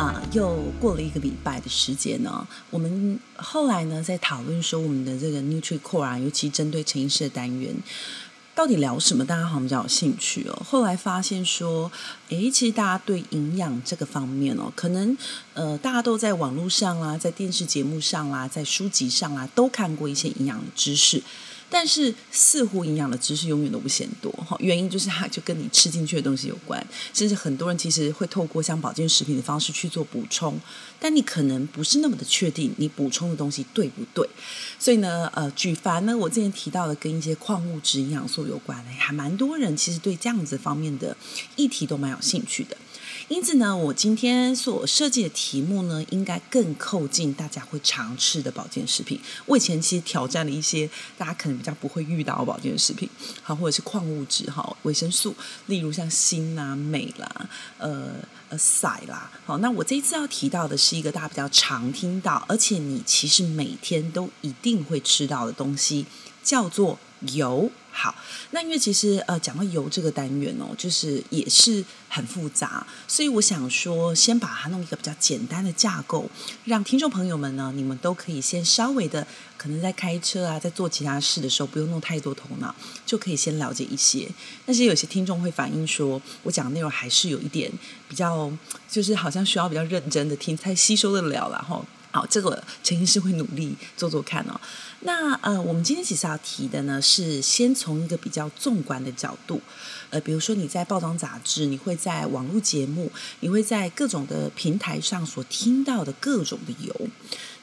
啊、呃，又過了一個禮拜的時間呢、哦。我們後來呢，在討論說我們的這個 NutriCore 啊，尤其針對陳醫師的單元，到底聊什麼，大家好像比較有興趣哦。後來發現說，誒，其實大家對營養這個方面哦，可能呃，大家都在網絡上啊，在電視節目上啊，在書籍上啊，都看過一些營養的知識。但是似乎營養的知識永遠都不嫌多哈，原因就是它就跟你吃進去的東西有關，甚至很多人其實會透過像保健食品的方式去做補充，但你可能不是那麼的確定你補充的東西對不對，所以呢，呃，舉凡呢我之前提到的跟一些礦物質、營養素有關的，還蠻多人其實對這樣子方面的議題都蠻有興趣的。因此呢，我今天所設計的題目呢，應該更靠近大家會常吃的保健食品。我以前其實挑戰了一些大家可能比較不會遇到的保健食品，好，或者是礦物質、哈維生素，例如像鋅啦、啊、鎂啦、呃呃、啦。好，那我這一次要提到的是一個大家比較常聽到，而且你其實每天都一定會吃到的東西，叫做油。好，那因為其實呃，講到油這個單元哦，就是也是很複雜，所以我想說，先把它弄一個比較簡單的架構，讓聽眾朋友們呢，你們都可以先稍微的，可能在開車啊，在做其他事的時候，不用弄太多頭腦，就可以先了解一些。但是有些聽眾會反映說，我講的內容還是有一點比較，就是好像需要比較認真的聽才吸收得了然後。哦好，這個陳醫師會努力做做看哦。那呃，我們今天其實要提的呢，是先從一個比較縱觀的角度，呃，比如說你在報章雜誌，你會在網絡節目，你會在各種的平台上所聽到的各種的油。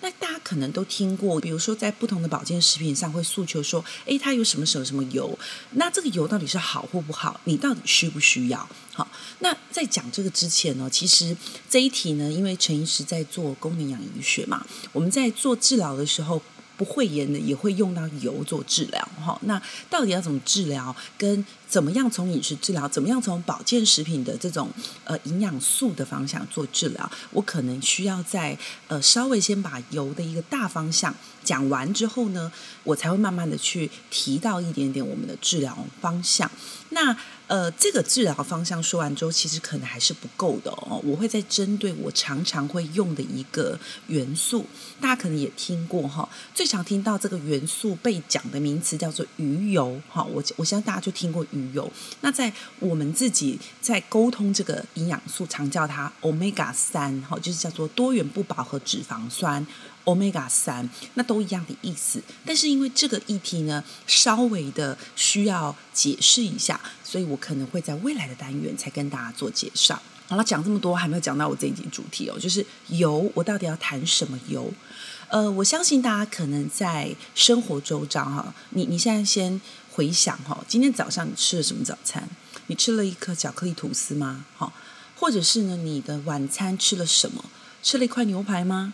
那大家可能都聽過，比如說在不同的保健食品上會訴求說，哎，它有什麼什麼什麼油，那這個油到底是好或不好？你到底需不需要？好，那在講這個之前呢，其實這一題呢，因為陳醫師在做功能營養醫學嘛，我們在做治療的時候。不會炎的也會用到油做治療，哈。那到底要怎麼治療？跟怎麼樣從飲食治療？怎麼樣從保健食品的這種呃營養素的方向做治療？我可能需要再呃稍微先把油的一個大方向講完之後呢，我才會慢慢的去提到一點點我們的治療方向。那呃，這個治療方向說完之後，其實可能還是不夠的哦。我會再針對我常常會用的一個元素，大家可能也聽過哈、哦。最常聽到這個元素被講的名詞叫做魚油哈、哦。我我相信大家就聽過魚油。那在我們自己在溝通這個營養素，常叫它 Omega 三、哦，就是叫做多元不飽和脂肪酸。Omega 三，那都一樣的意思。但是因為這個議題呢，稍微的需要解釋一下，所以我可能會在未來的單元才跟大家做介紹。好了，講這麼多還沒有講到我這一集主題哦，就是油，我到底要談什麼油？呃，我相信大家可能在生活周遭哈、哦，你你現在先回想哈、哦，今天早上你吃了什麼早餐？你吃了一顆巧克力吐司嗎？好，或者是呢，你的晚餐吃了什麼？吃了一塊牛排嗎？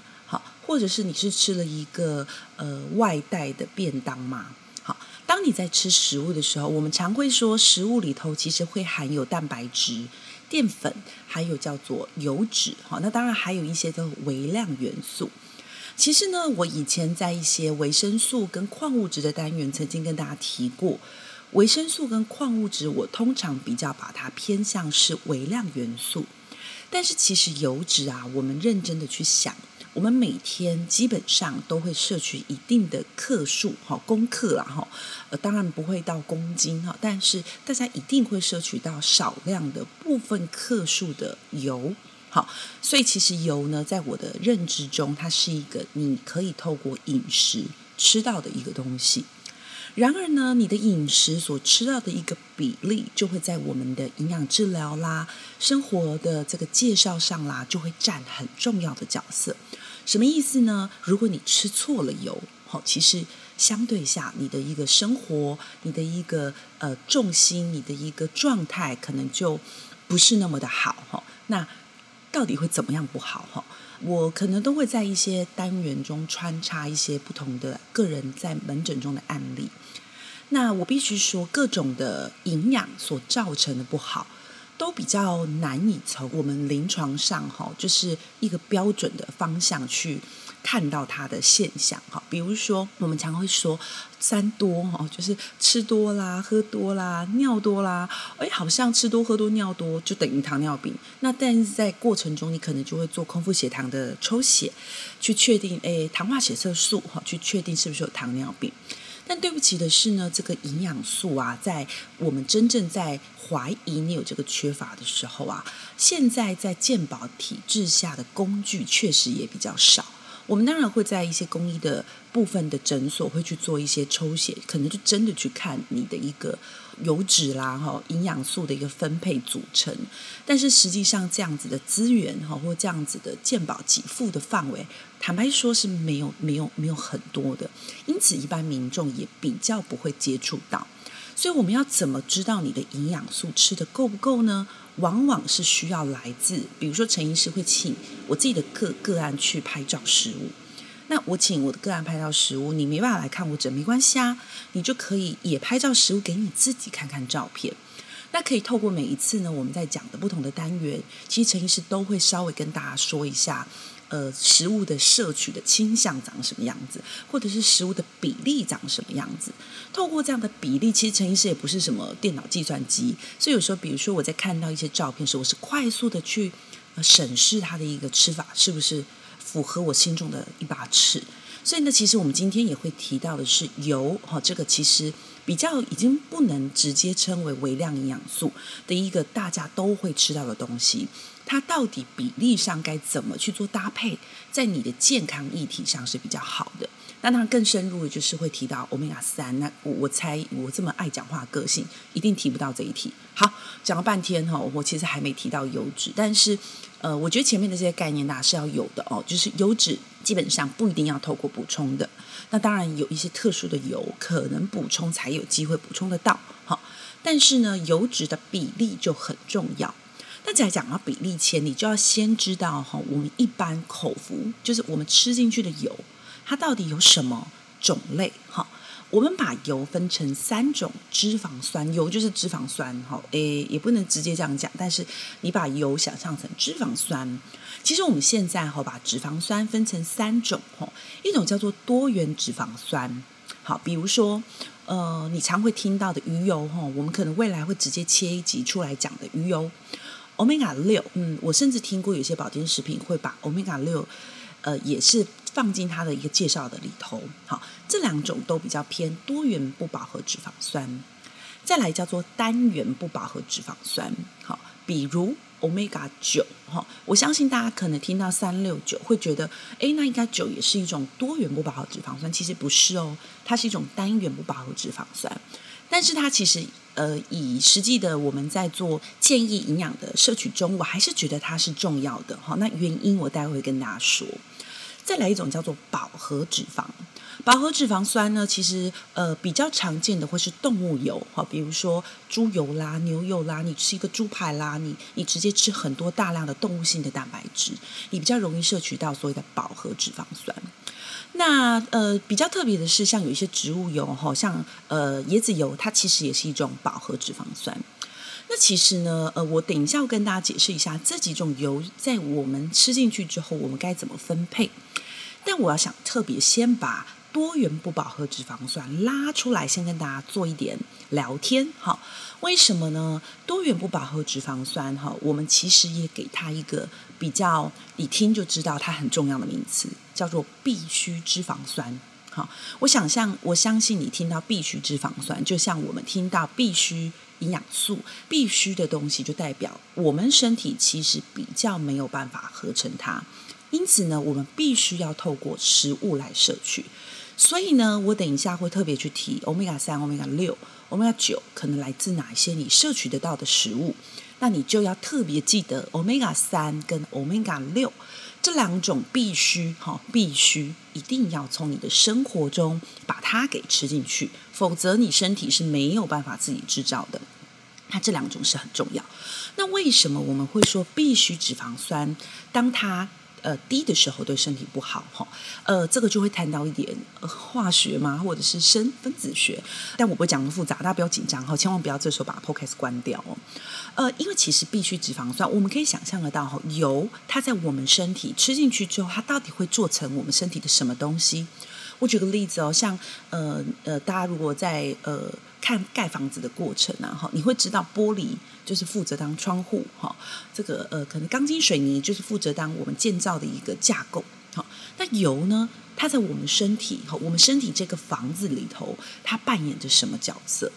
或者是你是吃了一個呃外帶的便當嗎？好，當你在吃食物的時候，我們常會說食物裡頭其實會含有蛋白質、澱粉，還有叫做油脂。好，那當然還有一些的微量元素。其實呢，我以前在一些維生素跟礦物質的單元曾經跟大家提過，維生素跟礦物質，我通常比較把它偏向是微量元素。但是其實油脂啊，我們認真的去想。我們每天基本上都會攝取一定的克數，哈，公克啦，哈，呃，當然不會到公斤哈，但是大家一定會攝取到少量的部分克數的油，好，所以其實油呢，在我的認知中，它是一個你可以透過飲食吃到的一個東西。然而呢，你的飲食所吃到的一個比例，就會在我們的營養治療啦、生活的這個介紹上啦，就會占很重要的角色。什麼意思呢？如果你吃錯了油，哦，其實相對下，你的一個生活，你的一個呃重心，你的一個狀態，可能就不是那麼的好，哦，那到底會怎麼樣不好？哦？我可能都會在一些單元中穿插一些不同的個人在門診中的案例。那我必須說，各種的營養所造成的不好。都比較難以從我們臨床上哈，就是一個標準的方向去看到它的現象哈。比如說，我們常會說三多哈，就是吃多啦、喝多啦、尿多啦。哎，好像吃多喝多尿多就等於糖尿病。那但是在過程中，你可能就會做空腹血糖的抽血，去確定、哎、糖化血色素哈，去確定是不是有糖尿病。但對不起的是呢，這個營養素啊，在我們真正在懷疑你有這個缺乏的時候啊，現在在健保體制下的工具確實也比較少。我們當然會在一些公益的部分的診所會去做一些抽血，可能就真的去看你的一個油脂啦、哈營養素的一個分配組成。但是實際上這樣子的資源哈，或這樣子的健保給付的範圍，坦白說是沒有、沒有、沒有很多的。因此，一般民眾也比較不會接觸到。所以，我們要怎麼知道你的營養素吃得夠不夠呢？往往是需要來自，比如說陳醫師會請我自己的個個案去拍照食物。那我請我的個案拍照食物，你沒辦法來看我診，沒關係啊，你就可以也拍照食物給你自己看看照片。那可以透過每一次呢，我們在講的不同的單元，其實陳醫師都會稍微跟大家說一下。呃，食物的攝取的傾向長什麼樣子，或者是食物的比例長什麼樣子？透過這樣的比例，其實陳醫師也不是什麼電腦計算機，所以有時候，比如說我在看到一些照片時，我是快速的去，呃，審視它的一個吃法是不是符合我心中的一把尺。所以呢，其實我們今天也會提到的是油，哈，哦，這個其實比較已經不能直接稱為微量營養素的一個大家都會吃到的東西。它到底比例上該怎麼去做搭配，在你的健康議題上是比較好的。那當然更深入的就是會提到歐米伽三。那我猜我這麼愛講話個性，一定提不到這一題。好，講了半天哈、哦，我其實還沒提到油脂，但是呃，我覺得前面的這些概念大家、啊、是要有的哦。就是油脂基本上不一定要透過補充的，那當然有一些特殊的油可能補充才有機會補充得到。好、哦，但是呢，油脂的比例就很重要。那在講到比例前，你就要先知道哈，我們一般口服就是我們吃進去的油，它到底有什麼種類？我們把油分成三種脂肪酸，油就是脂肪酸哈，誒，也不能直接這樣講，但是你把油想象成脂肪酸，其實我們現在哈把脂肪酸分成三種，哈，一種叫做多元脂肪酸，好，比如說呃，你常會聽到的魚油哈，我們可能未來會直接切一集出來講的魚油。歐米伽六，嗯，我甚至聽過有些保健食品會把歐米伽六，呃，也是放進它的一個介紹的裡頭。好、哦，這兩種都比較偏多元不飽和脂肪酸。再來叫做單元不飽和脂肪酸。好、哦，比如歐米伽九。好，我相信大家可能聽到三六九，會覺得，哎，那應該九也是一種多元不飽和脂肪酸，其實不是哦，它是一種單元不飽和脂肪酸。但是它其實呃，以實際的我們在做建議營養的攝取中，我還是覺得它是重要的哈、哦。那原因我待會跟大家說。再來一種叫做飽和脂肪，飽和脂肪酸呢，其實呃比較常見的會是動物油哈、哦，比如說豬油啦、牛油啦，你吃一個豬排啦，你你直接吃很多大量的動物性的蛋白質，你比較容易攝取到所謂的飽和脂肪酸。那呃比較特別的是，像有一些植物油哈，像呃椰子油，它其實也是一種飽和脂肪酸。那其實呢，呃，我等一下要跟大家解釋一下這幾種油在我們吃進去之後，我們該怎麼分配。但我要想特別先把。多元不飽和脂肪酸拉出來，先跟大家做一點聊天，哈，為什麼呢？多元不飽和脂肪酸，哈，我們其實也給它一個比較一聽就知道它很重要的名詞，叫做必需脂肪酸，哈，我想象我相信你聽到必需脂肪酸，就像我們聽到必需營養素，必需的東西就代表我們身體其實比較沒有辦法合成它，因此呢，我們必須要透過食物來攝取。所以呢，我等一下會特別去提歐米伽三、歐米伽六、歐米伽九，可能來自哪一些你攝取得到的食物？那你就要特別記得，歐米伽三跟歐米伽六這兩種必須哈、哦，必須一定要從你的生活中把它給吃進去，否則你身體是沒有辦法自己制造的。它、啊、這兩種是很重要。那為什麼我們會說必須脂肪酸？當它呃，低的時候對身體不好哈、哦。呃，這個就會談到一點、呃、化學嘛，或者是生分子學。但我不會講那麼複雜，大家不要緊張哈、哦，千萬不要這時候把 podcast 關掉哦。呃，因為其實必需脂肪酸，我們可以想象得到哈、哦，油它在我們身體吃進去之後，它到底會做成我們身體的什麼東西？我舉個例子哦，像呃呃，大家如果在呃。看蓋房子的過程然後，啊、哈，你會知道玻璃就是負責當窗戶，哈，這個呃，可能鋼筋水泥就是負責當我們建造的一個架構，那油呢？它在我們身體，我們身體這個房子裡頭，它扮演着什麼角色？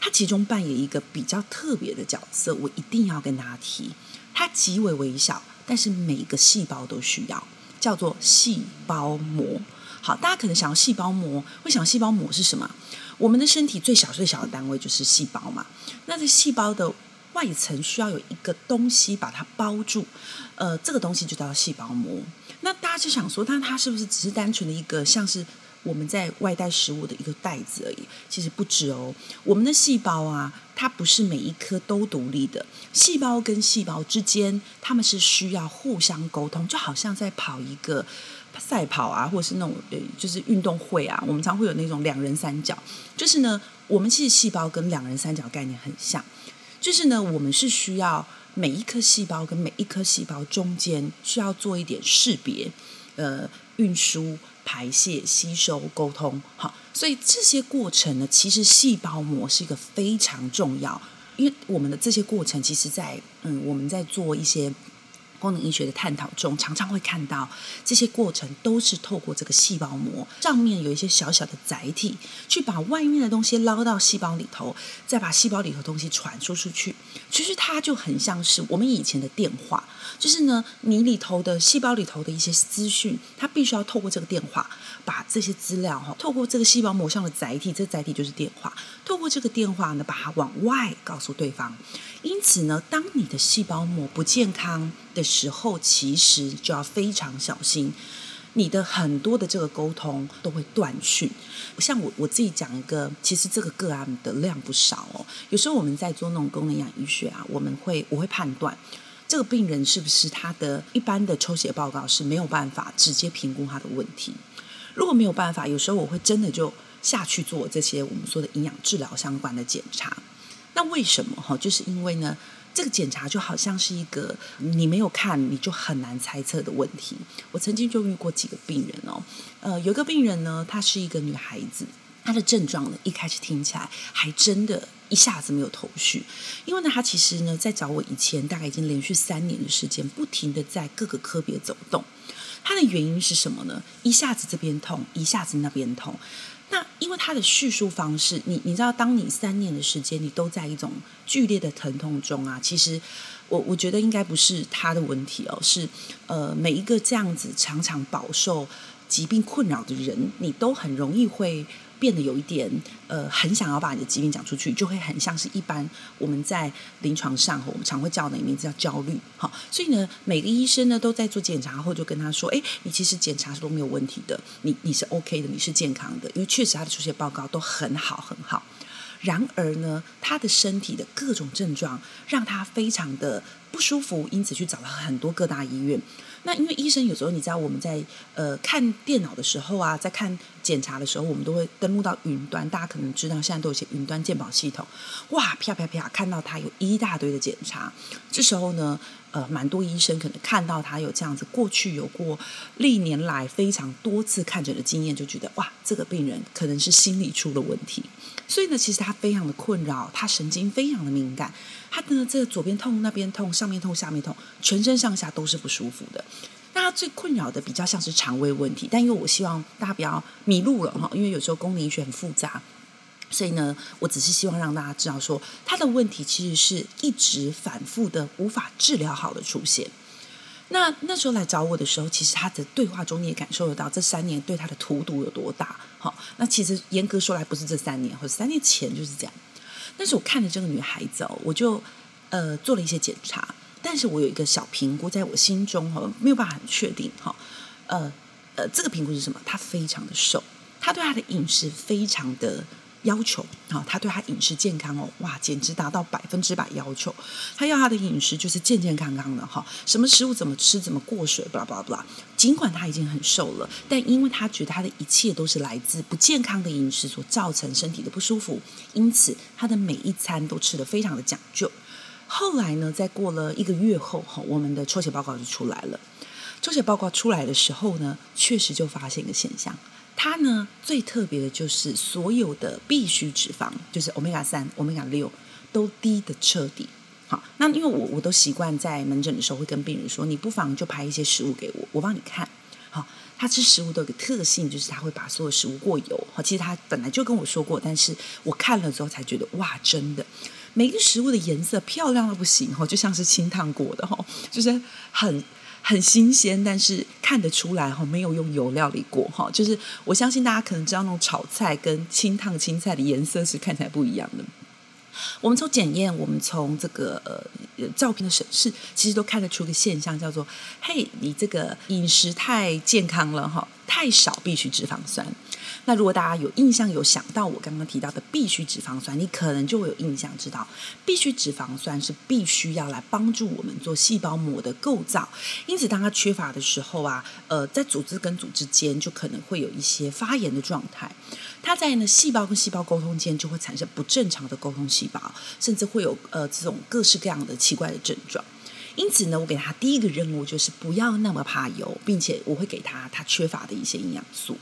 它其中扮演一個比較特別的角色，我一定要跟大家提，它極為微小，但是每個細胞都需要，叫做細胞膜。好，大家可能想細胞膜，會想細胞膜是什麼？我們的身體最小最小的單位就是細胞嘛。那這細胞的外層需要有一個東西把它包住，呃，這個東西就叫做細胞膜。那大家就想說，那它是不是只是單純的一個像是我們在外帶食物的一個袋子而已？其實不止哦，我們的細胞啊，它不是每一顆都獨立的，細胞跟細胞之間，它們是需要互相溝通，就好像在跑一個。賽跑啊，或者是那種呃、就是運動會啊，我們常會有那種兩人三腳。就是呢，我們其實細胞跟兩人三腳概念很像。就是呢，我們是需要每一顆細胞跟每一顆細胞中間需要做一點識別、呃、運輸、排泄、吸收、溝通。好，所以這些過程呢，其實細胞膜是一個非常重要，因為我們的這些過程其實在、在嗯、我們在做一些。功能醫學的探討中，常常會看到這些過程都是透過這個細胞膜上面有一些小小的載體，去把外面的東西撈到細胞裡頭，再把細胞裡頭的東西傳輸出去。其實它就很像是我們以前的電話，就是呢，你裡頭的細胞裡頭的一些資訊，它必須要透過這個電話把這些資料哈，透過這個細胞膜上的載體，這個載體就是電話，透過這個電話呢，把它往外告訴對方。因此呢，當你的細胞膜不健康的時候，其實就要非常小心。你的很多的這個溝通都會斷訊。像我我自己講一個，其實這個個案的量不少哦。有時候我們在做那種功能營養醫學啊，我們會我會判斷這個病人是不是他的一般的抽血報告是沒有辦法直接評估他的問題。如果沒有辦法，有時候我會真的就下去做這些我們說的營養治療相關的檢查。那為什麼哈？就是因為呢，這個檢查就好像是一個你沒有看，你就很難猜測的問題。我曾經就遇過幾個病人哦，呃，有一個病人呢，她是一個女孩子，她的症狀呢，一開始聽起來還真的，一下子沒有頭緒。因為呢，她其實呢，在找我以前，大概已經連續三年的時間，不停地在各個科別走動。她的原因是什麼呢？一下子這邊痛，一下子那邊痛。那因為他的敘述方式，你你知道，當你三年的時間你都在一種劇烈的疼痛中啊，其實我我覺得應該不是他的問題哦，是呃每一個這樣子常常飽受疾病困擾的人，你都很容易會。變得有一點呃，很想要把你的疾病講出去，就會很像是一般我們在臨床上，我們常會叫的一個名字叫焦慮。好，所以呢，每個醫生呢都在做檢查後就跟他說：“哎、欸，你其實檢查是都沒有問題的，你你是 OK 的，你是健康的，因為確實他的出血報告都很好很好。然而呢，他的身體的各種症狀讓他非常的不舒服，因此去找了很多各大醫院。”那因為醫生有時候你知道我們在呃看電腦的時候啊，在看檢查的時候，我們都會登錄到雲端。大家可能知道現在都有些雲端健保系統，哇啪啪啪，看到他有一大堆的檢查，這時候呢。呃，蠻多醫生可能看到他有這樣子，過去有過歷年來非常多次看診的經驗，就覺得哇，這個病人可能是心理出了問題。所以呢，其實他非常的困擾，他神經非常的敏感，他的這個、左邊痛、那邊痛、上面痛、下面痛，全身上下都是不舒服的。那他最困擾的比較像是腸胃問題，但因為我希望大家不要迷路了哈，因為有時候功能醫學很複雜。所以呢，我只是希望讓大家知道說，說他的問題其實是一直反覆的無法治療好的出現。那那時候來找我的時候，其實他的對話中你也感受得到，這三年對他的荼毒有多大。好、哦，那其實嚴格說來不是這三年，或三年前就是這樣。但是我看着這個女孩子哦，我就呃做了一些檢查，但是我有一個小評估，在我心中哈、哦、沒有辦法很確定哈、哦。呃呃，這個評估是什麼？她非常的瘦，她對她的飲食非常的。要求啊、哦，他對他飲食健康哦，哇，簡直達到百分之百要求。他要他的飲食就是健健康康的哈、哦，什麼食物怎麼吃，怎麼過水，巴拉巴拉巴拉。儘管他已經很瘦了，但因為他覺得他的一切都是來自不健康的飲食所造成身體的不舒服，因此他的每一餐都吃得非常的講究。後來呢，在過了一個月後，哈、哦，我們的抽血報告就出來了。抽血報告出來的時候呢，確實就發現一個現象。它呢最特別的就是所有的必需脂肪，就是歐米伽三、歐米伽六都低得徹底。好、哦，那因為我我都習慣在門診的時候會跟病人說，你不妨就拍一些食物給我，我幫你看。好、哦，他吃食物都有一個特性就是他會把所有食物過油。哈、哦，其實他本來就跟我說過，但是我看了之後才覺得哇，真的，每個食物的顏色漂亮到不行，哈、哦，就像是清燙過的，哈、哦，就是很。很新鮮，但是看得出來哈，沒有用油料理過哈。就是我相信大家可能知道那種炒菜跟清燙青菜的顏色是看起來不一樣的。我們從檢驗，我們從這個、呃、照片的審視，其實都看得出個現象，叫做：嘿，你這個飲食太健康了哈，太少必需脂肪酸。那如果大家有印象，有想到我剛剛提到的必需脂肪酸，你可能就會有印象知道，必需脂肪酸是必須要來幫助我們做細胞膜的構造。因此，當它缺乏的時候啊，呃，在組織跟組織間就可能會有一些發炎的狀態。它在呢細胞跟細胞溝通間就會產生不正常的溝通細胞，甚至會有呃這種各式各樣的奇怪的症狀。因此呢，我給他第一個任務就是不要那麼怕油，並且我會給他他缺乏的一些營養素。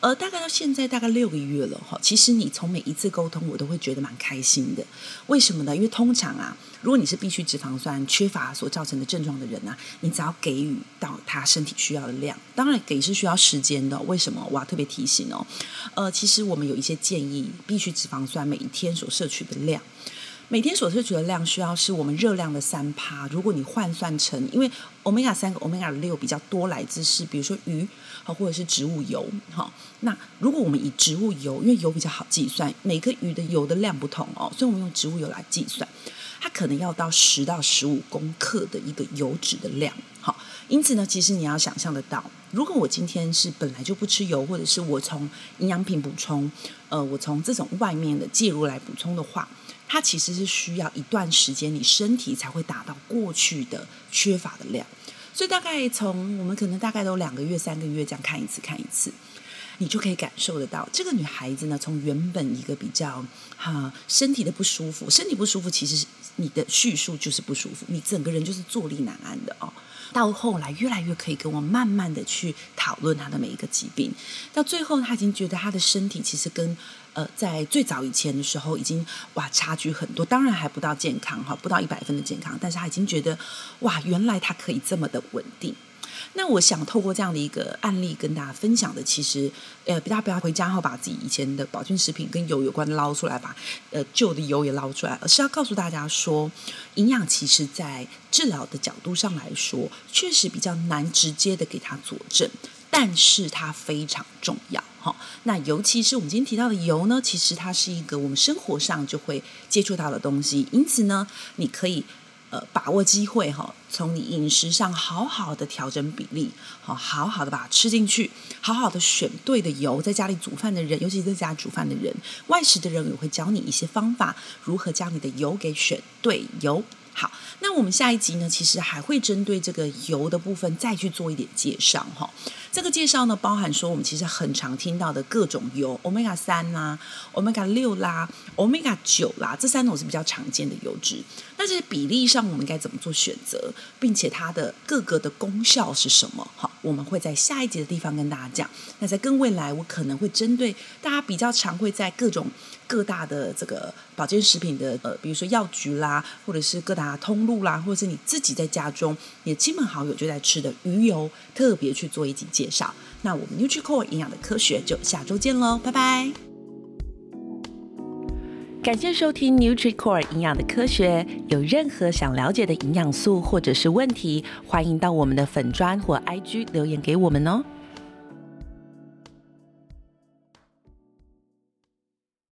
呃，大概到現在大概六個月了哈，其實你從每一次溝通，我都會覺得蠻開心的。為什麼呢？因為通常啊，如果你是必需脂肪酸缺乏所造成的症狀的人啊，你只要給予到他身體需要的量，當然給是需要時間的。為什麼？我要特別提醒哦。呃，其實我們有一些建議，必需脂肪酸每一天所攝取的量。每天所攝取的量需要是我們熱量的三趴。如果你換算成，因為歐米伽三跟歐米伽六比較多，來自是比如說魚，或者是植物油。那如果我們以植物油，因為油比較好計算，每個魚的油的量不同哦，所以我們用植物油來計算，它可能要到十到十五公克的一個油脂的量。因此呢，其實你要想象得到，如果我今天是本來就不吃油，或者是我從營養品補充，呃，我從這種外面的介入來補充的話，它其實是需要一段時間，你身體才會達到過去的缺乏的量。所以大概從我們可能大概都兩個月、三個月這樣看一次，看一次。你就可以感受得到，這個女孩子呢，從原本一個比較哈身體的不舒服，身體不舒服，其實你的敘述就是不舒服，你整個人就是坐立難安的哦。到後來，越來越可以跟我慢慢的去討論她的每一個疾病，到最後她已經覺得她的身體其實跟呃在最早以前的時候已經哇差距很多，當然還不到健康哈，不到一百分的健康，但是她已經覺得哇，原來她可以這麼的穩定。那我想透過這樣的一個案例跟大家分享的，其實呃，大家不要回家後把自己以前的保健食品跟油有關的撈出來吧，把呃舊的油也撈出來了，而是要告訴大家說，營養其實在治療的角度上來說，確實比較難直接的給它佐證，但是它非常重要哈。那尤其是我們今天提到的油呢，其實它是一個我們生活上就會接觸到的東西，因此呢，你可以。呃，把握機會哈、哦，從你飲食上好好的調整比例，好好好的把它吃進去，好好的選對的油。在家裡煮飯的人，尤其在家煮飯的人，外食的人也會教你一些方法，如何將你的油給選對油。好，那我們下一集呢，其實還會針對這個油的部分再去做一點介紹哈。這個介紹呢，包含說我們其實很常聽到的各種油，Omega 三啦，Omega 六啦，Omega 九啦，這三種是比較常見的油脂。那這些比例上，我們該怎麼做選擇，並且它的各個的功效是什麼？好。我們會在下一集的地方跟大家講。那在更未來，我可能會針對大家比較常會在各種各大的這個保健食品的呃，比如說藥局啦，或者是各大通路啦，或者是你自己在家中，你的親朋好友就在吃的魚油，特別去做一集介紹。那我們 NutriCore 營養的科學就下周見嘍，拜拜。感謝收聽 NutriCore 營養的科學。有任何想了解的營養素或者是問題，歡迎到我們的粉專或 IG 留言給我們哦。